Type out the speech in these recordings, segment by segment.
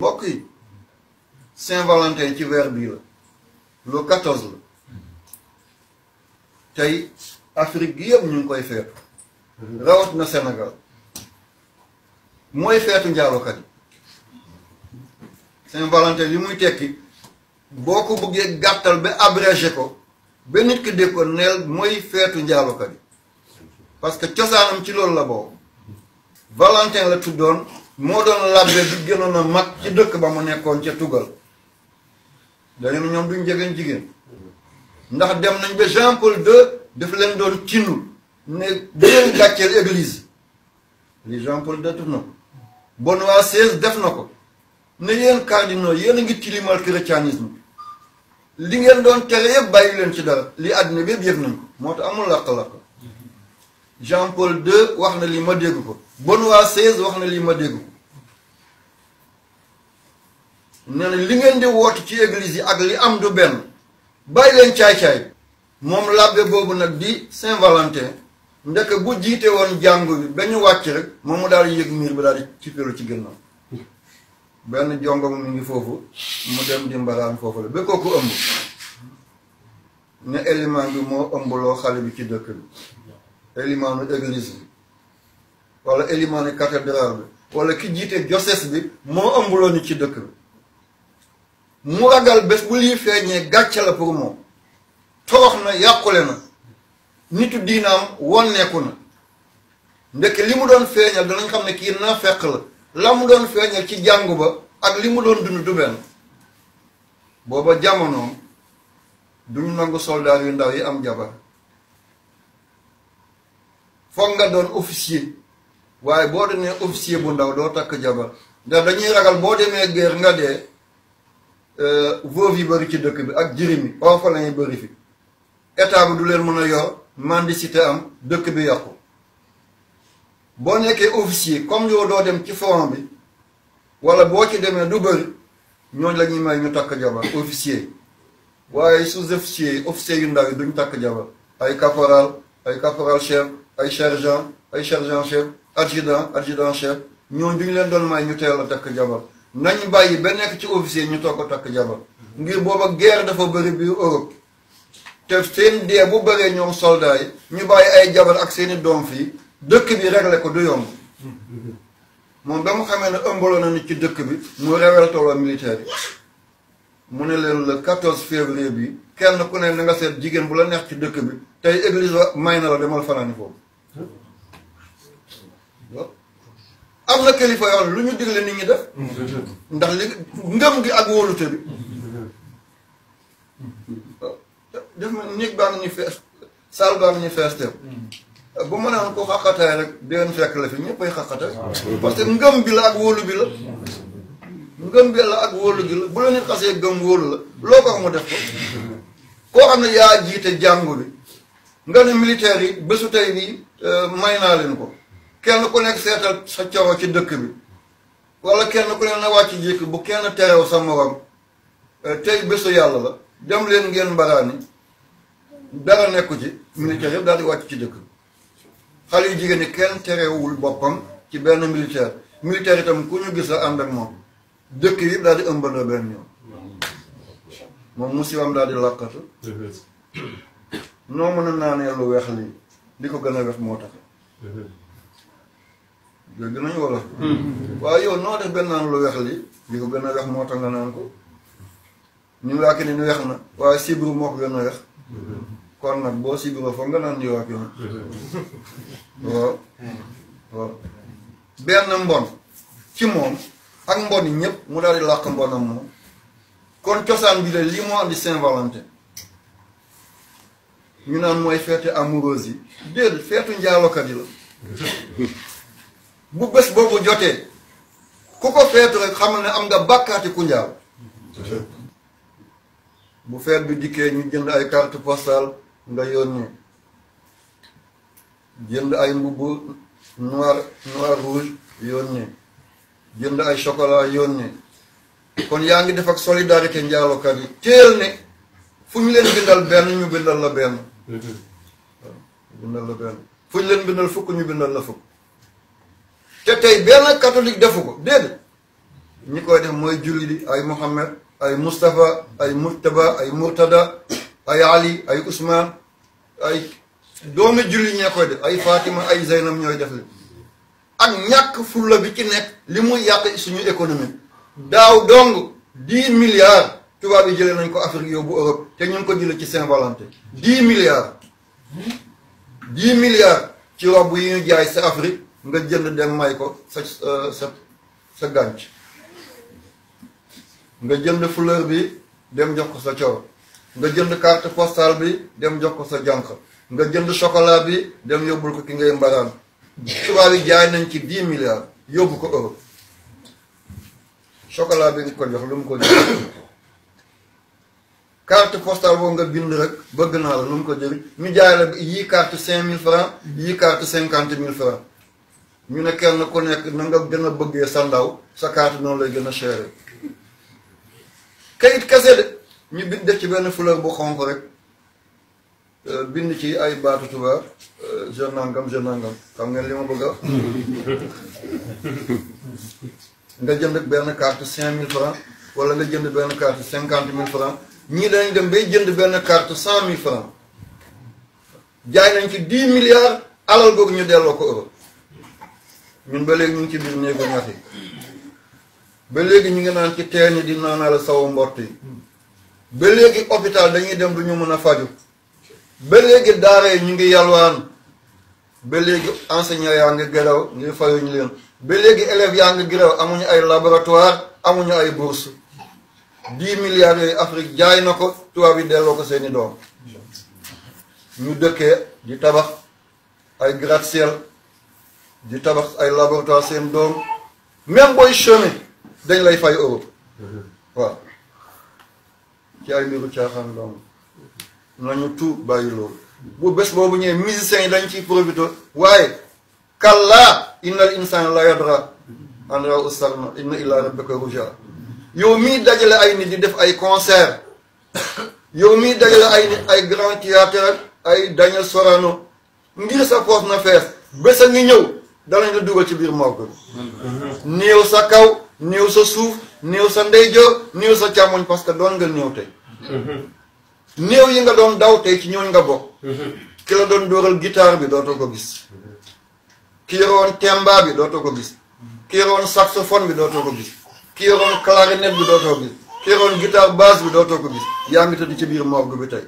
mbokk yi Saint-Valentin ci weer bii la le 14 la tey Afrique yëpp ñu ngi koy feetu rawat na Sénégal mooy feetu njaalokat yi Saint-Valentin li muy tekki boo ko bëggee gàttal ba abrégé ko ba nit ki dégg ko neel mooy feetu njaalokat parce que cosaanam ci loolu la boobu Valentin la tuddoon moo doon labbe bi gënoon a mag ci dëkk ba mu nekkoon ca tugal dañu ñoom duñ jegeñ jigéen ndax dem nañ ba Jean Paul II daf leen doon tinul ne di leen gàcceel église li Jean Paul II def na ko Benoît XVI def na ko ne yéen cardinaux yéen a ngi tilimal christianisme li ngeen doon tere yëpp bàyyi leen ci dara li àddina bi yëpp yëg nañ moo tax amul làq-làq Jean Paul II wax na li ma dégg ko waa XVI wax na li ma dégg ko nee na li ngeen di woote ci église yi ak li am du benn bàyyi leen caay-caay moom làbbe boobu nag di Saint-Valentin ndeke bu jiite woon jàngu bi ba ñu wàcc rek moom mu daal di yëg miir bi daal di cipéeru ci gënnaaw benn jongo mu ngi foofu mu dem di mbalaan foofu la ba kooku ëmb ne élimaan bi moo ëmbloo xale bi ci dëkk bi élimaanu église bi wala élimaanu cathédrale bi wala ki jiite joses bi moo ëmbloo ni ci dëkk bi mu ragal bés bu lii feeñee gàcce la pour moom torox na yàqule na nitu diinaam wonneeku na ndekk li mu doon feeñal danañ xam ne kii naa fekk la la mu doon feeñal ci jàngu ba ak li mu doon dund du benn booba jamonoom duñu nangu soldaar yu ndaw yi am jabar foog nga doon officier waaye boo ne officier bu ndaw doo takk jabar ndax dañuy ragal boo demee guerre nga dee Euh, veuve yi bëri ci dëkk bi ak jirim yi orphelin yi bëri fi état bi du leen mën a yor mendicité am dëkk bi yàqu boo nekkee officier comme yow doo dem ci front bi wala boo ci demee du bëri ñooñu la ñuy may ñu takk jabar officier waaye sous-officier officier yu ndaw yi duñ takk jabar ay caporal ay caporal chef ay sergent ay sergent chef adjudant adjudant chef ñooñu duñu leen doon may ñu teel a takk jabar nañ bàyyi ba nekk ci officier ñu toog ko takk jabar ngir booba guerre dafa bëri biir Europe te seen dee bu bëree ñoom soldat yi ñu bàyyi ay jabar ak seeni doom fii dëkk bi réglé ko du yomb moom ba mu xamee ne ëmbaloo na nit ci dëkk bi mu rewel tolloo militaire yi mu ne leen le 14 février bi kenn ku ne na nga seet jigéen bu la neex ci dëkk bi tey église may na la demal fanaani foofu am na kilifa yoon lu ñu digle nit ñi def mm, ndax li ngëm gi ak wóolute bi def ngi ñu fees saal baa ngi ñu fees teew bu ma naan ko xaqataay rek déen fekk la fi ñëppay xaqataay ah, parce que ngëm bi la ak wóolu bi la ngëm bi la ak wóolu gi la bu la nit xasee gëm wóolu la loo ko wax mu def ko koo xam ne yaa jiite jàngu bi nga ne militaire yi bésu tey bi euh, may naa leen ko kenn ku nekk seetal sa coro ci dëkk bi wala kenn ku ne na wàcc jékki bu kenn terew sa morom eh, tey bésu yàlla la dem leen ngeen mbaraani dara nekku ci militaire yëpp daal di wàcc ci dëkk bi xale yu jigéen ñi kenn terewul boppam ci benn militaire militaire itam ku ñu gis la ànd ak moom dëkk yëpp daal di ëmbandoo benn ñoom moom musibaam daal di làqatu noo mën a naanee lu weex li di ko gën a weex moo tax dégg nañu wala. Hmm. waaye yow noo def benn naan lu weex li li ko gën a weex moo tax nga naan ko ñu laa ki ne ni weex na waaye sibiru moo ko gën a weex kon nag boo sibiroo foog nga naan yow ak yow waaw benn mbon ci moom ak mbon yi ñëpp mu daal di làq mbonam moom kon cosaan bi de lii moo andi Saint-Valentin ñu naan mooy feete amoureuse yi déedéet feetu njaalokat yi la bu bés boobu jotee ku ko feetu rek xamal ne am nga bàkkaati kunjaaw bu feet bi dikkee ñu jënd ay carte postale nga yónni jënd ay mbubb noir noir rouge yónni jënd ay yoon yónni kon yaa ngi def ak solidarité njaalokat yi teel ne fu ñu leen bindal benn ñu la benn mm-hmm. bindal la benn fu ñu leen bindal fukk ñu bindal la fukk te tey benn catholique defu ko déedéet ñi koy def mooy julli di ay Mouhamed ay Moustapha ay Mourtaba ay Mourtada ay Ali ay Ousmane ay doomi julli ñee koy def ay Fatima ay Zeynab ñooy def li ak ñàkk fulla bi ci nekk li mu yàq suñu économique daaw dong dix milliards tubaab yi jële nañ ko Afrique yóbbu Europe te ñu ko jëlee ci Saint-Valentin dix milliards dix ci robb yi jaay sa Afrique nga jënd dem may ko sa euh, sa nga jënd fleur bi dem jox ko sa coro nga jënd carte postale bi dem jox ko sa jànq nga jënd chocolat bi dem yóbbul ko ki ngay mbaraan tubaab yi jaay nañ ci dix milliards yóbbu ko Europe chocolat bi nga ko jox lu mu ko jëriñ carte postale boobu nga bind rek bëgg naa la lu mu ko jëriñ ñu jaay la yii carte cinq mille francs yii carte cinquante mille francs ñu ne kenn ku nekk na gën a bëggee sa ndaw sa carte noonu lay gën a chéré kayit kese de ñu bind def ci benn fleur bu xonq rek euh, bind ci ay baatu tubaab euh, je nangam je nangam xam ngeen li ma bëgg nga jënd benn carte cinq mille francs wala nga jënd benn carte cinquante mille francs ñii dañ dem bay jënd benn carte cent mille francs jaay nañ ci dix milliards alal googu ñu delloo ko ñun ba léegi ñu ngi ci biir néegu ñax yi ba léegi ñu ngi naan ci teen di naanaal saw mbort yi ba léegi hôpital dañuy dem du ñu mën a faju ba léegi daara yi ñu ngi yalwaan ba léegi enseignant yaa ngi grève ngir fayuñu leen ba léegi élève yaa ngi gëraw amuñu ay laboratoire amuñu ay bourse dix milliards yooyu Afrique jaay na ko tubaab yi delloo ko seeni doom ñu dëkkee di tabax ay gratte-ciel di tabax ay laboratoire seen doom même booy chemin dañ lay fay Europe waaw ci ay mbiru caaxaan doom nañu tuub bàyyi loolu bu bés boobu ñëwee musiciens yi dañ ciy profité waaye kallaa innal insaan la yadra an raw ustarna inna illaa rabbaka yow miy dajale ay nit di def ay concert yow miy dajale ay nit ay grand théâtre ay Daniel Sorano ngir sa poos na fees bés a ngi ñëw danañ la dugal ci biir morgue bi néew sa kaw néew sa suuf néew sa ndeyjoor néew sa càmmoñ parce que doon nga néew tey néew yi nga doon daw tey ci ñooñ nga bokk ki la doon dóoral guitare bi dootoo ko gis kii yoroon temba bi dootoo ko gis ki yoroon saxophone bi dootoo ko gis ki yoroon clarinette bi dootoo ko gis ki yoroon guitare basse bi dootoo ko gis yaa ngi tëdd ci biir morgue bi tey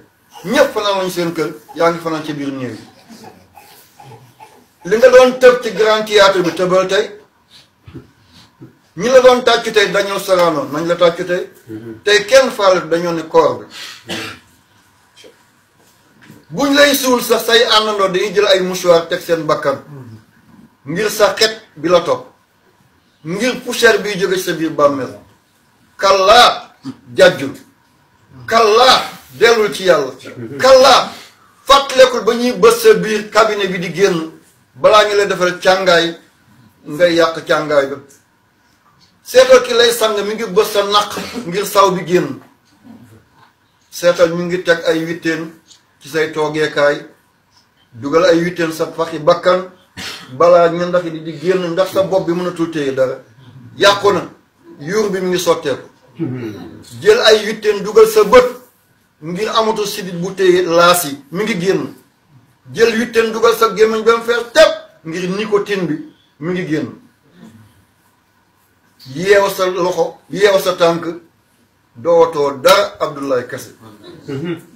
ñépp fanaan seen kër yaa ngi fanaan ci biir néew yi li nga doon tëb ci grand théâtre bi tëbal tey ñi la doon tàccu tey dañoo sarano nañ la tàccu tey mm-hmm. tey kenn faal dañoo ne koor bi mm-hmm. buñ lay suul sax say àndandoo dañuy jël ay mouchoir teg seen bakkan mm-hmm. ngir sa xet bi la topp ngir poussière biy jóge sa biir bàmmeel kallaa jàjjul kallaa dellul ci yàlla kallaa fàttalekul ba ñuy bës sa biir cabinet bi di génn balaa ñu lay defaree càngaay ngay yàq càngaay ba seetal ki lay sang mi ngi bës sa naq ngir saw bi génn seetal ñu ngi teg ay witteen ci say toogekaay dugal ay witteen sa faxi bakkan balaa ñendax yi di génn ndax sa bopp bi mënatul téye dara yàqu na yuur bi mu ngi sotteeku jël ay witteen dugal sa bët ngir amatu sidit bu téye laas yi mi ngi génn jël huitaine dugal sa gémmiñ ba mu fees tepp ngir nicotine bi mu ngi génn yeew sa loxo yeew sa tànk dootoo dara Abdoulaye Kassé mhm.